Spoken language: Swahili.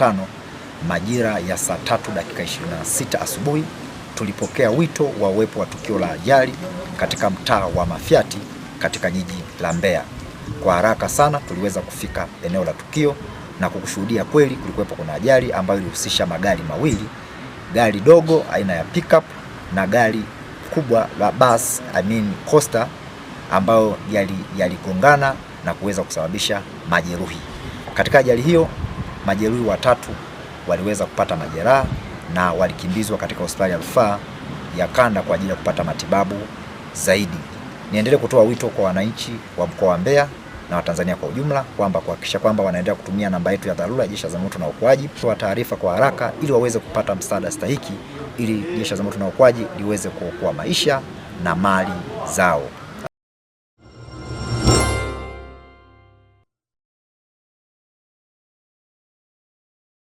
Jumatano majira ya saa tatu dakika 26 asubuhi tulipokea wito wa uwepo wa tukio la ajali katika mtaa wa Mafyati katika jiji la Mbeya. Kwa haraka sana tuliweza kufika eneo la tukio na kukushuhudia kweli kulikuwepo kuna ajali ambayo ilihusisha magari mawili, gari dogo aina ya pickup na gari kubwa la bus, I mean coaster ambayo yaligongana yali na kuweza kusababisha majeruhi. Katika ajali hiyo Majeruhi watatu waliweza kupata majeraha na walikimbizwa katika hospitali ya rufaa ya kanda kwa ajili ya kupata matibabu zaidi. Niendelee kutoa wito kwa wananchi wa mkoa wa Mbeya na Watanzania kwa ujumla kwamba kuhakikisha kwamba wanaendelea kutumia namba yetu ya dharura ya Jeshi la Zimamoto na Uokoaji kwa taarifa kwa haraka ili waweze kupata msaada stahiki ili Jeshi la Zimamoto na Uokoaji liweze kuokoa maisha na mali zao.